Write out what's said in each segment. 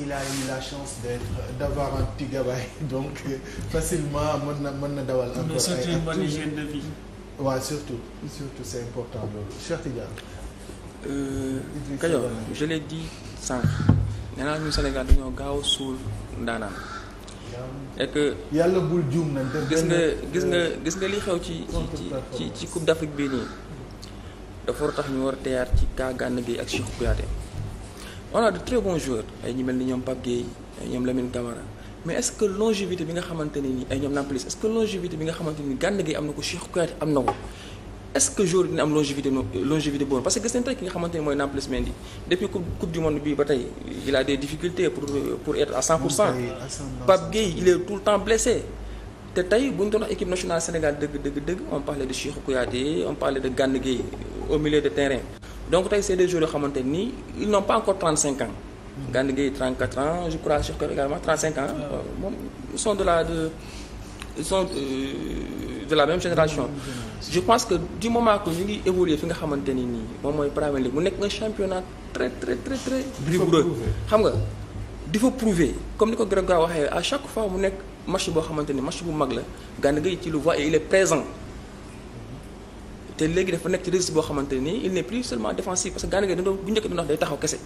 il a eu la chance d'être d'avoir un gigabyte donc euh, facilement mën na mën na dawal. encore mais surtout une bonne hygiène de vie. waaw ouais, surtout surtout c'est important loolu Cheikh Tidiane. Euh, Kajoor je l'ai dit sànq nee naa ñu Sénégal dañoo gaaw suul ndaanaan. et que yàlla bul juum nañ. gis nga gis euh, nga gis nga li xew ci ci ci coupe d'Afrique bii nii dafa war tax ñu war a teyaat ci kaa gànn gi ak Cheikhou Kouyaté. on a de très bons joueurs ay ñi mel ni ñoom Pape Gueye ay ñoom Lamine Camara mais est-ce que longévité bi nga xamante ne nii ay ñoom Nampalys est-ce que longévité bi nga xamante ni Gana Gueye am na ko Cheikh Kouyaté am na ko est-ce que joueur dina am longévité longévité boobu parce que gis nañ tey ki nga xamante ne mooy Nampalys Mendy depuis coupe coupe du monde bii ba tey il a des difficultés pour pour être à 100 pour cent Pape Gueye il est tout le temps blessé te tey bu ñu doon wax équipe nationale Sénégal dëgg dëgg dëgg on parlait de Cheikh Kouyaté on parlait de Gana Gueye euh, au milieu de terrain donc te c'est des jours yoo xamante nii ils n'ont pas encore 35 ans. Gana Gueye 34 ans je crois Cheikh Kër également 35 ans. Ah. Euh, moom ils sont de la de euh, de la même génération. je pense que du moment que ñu ngi évoluer fi nga xamante ni nii moom mooy Premier League mu nekk un championnat très très très très rigoureux xam nga di fa prouver comme ni ko Grégoire waxee à chaque fois mu nekk match boo xamante ni match bu mag la Gana Gueye ci lu voie et te léegi dafa nekk ci registre boo xamante nii il ne plus seulement défensif parce que Gana Gueye dañoo bu njëkk doon wax day taxaw kese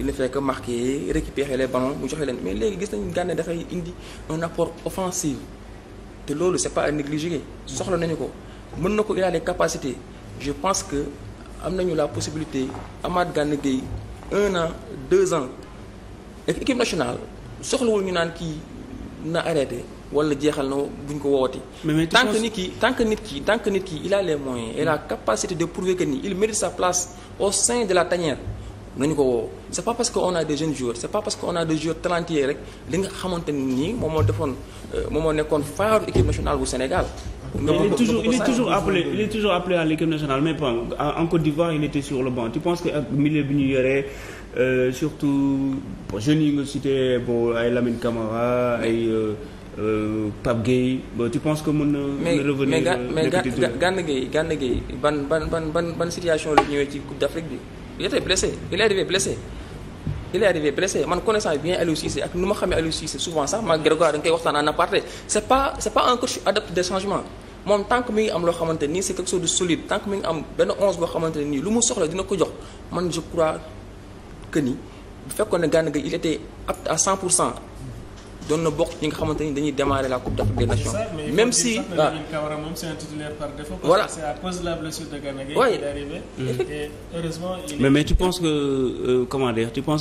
il ne fait que marquer récupérer les mu joxe leen mais léegi gis nañu Gana dafay indi un apport offensif te loolu c'est pas à négliger soxla nañu ko mën na ko il capacité je pense que am nañu la possibilité Amath Gana Gueye un an deux ans et équipe nationale soxlawul ñu naan kii na arrêté wala jeexal na buñ ko woowati tant que nit ki tant nit ki tant que nit ki il a les moyens et la capacité de prouver que ni il mérite sa place au sein de la tanière nañu ko woo c'est pas parce que on a des jeunes joueurs c'est pas parce que on a des joueurs talentueux rek li nga xamante ni nii moom moo defoon euh, moom moo nekkoon phare équipe nationale bu Sénégal Mais il est toujours il est appelé il est toujours appelé à l'équipe nationale mais pas en Côte d'Ivoire il était sur le euh, surtout jeunes yi nga cité bon ay Lamine euh, Euh, Pape Gueye ba tu penses que mën na. mën na revenir mais euh, Gana Gueye Gana Gueye ban ban ban ban ban situation la ñëwee ci Coupe d'Afrique bi. il était blessé il est arrivé il est arrivé blessé man connaissant bien Aliou Cissé ak nu ma xamee Aliou Cissé souvent sax ma Grégoire da nga koy waxtaan en aparté c'est pas c'est pas un coach adepte des moom tant que am loo xamante nii c'est quelque chose de solide tant que mi ngi am benn onze boo xamante nii lu mu soxla dina ko jox man je crois que ni à 100 pour cent doon na bokk ci nga xamante ni dañuy démarrer la coupe d'Afrique des nations. même si waaw ah. moom mmh. mais mais tu penses que euh, comment dire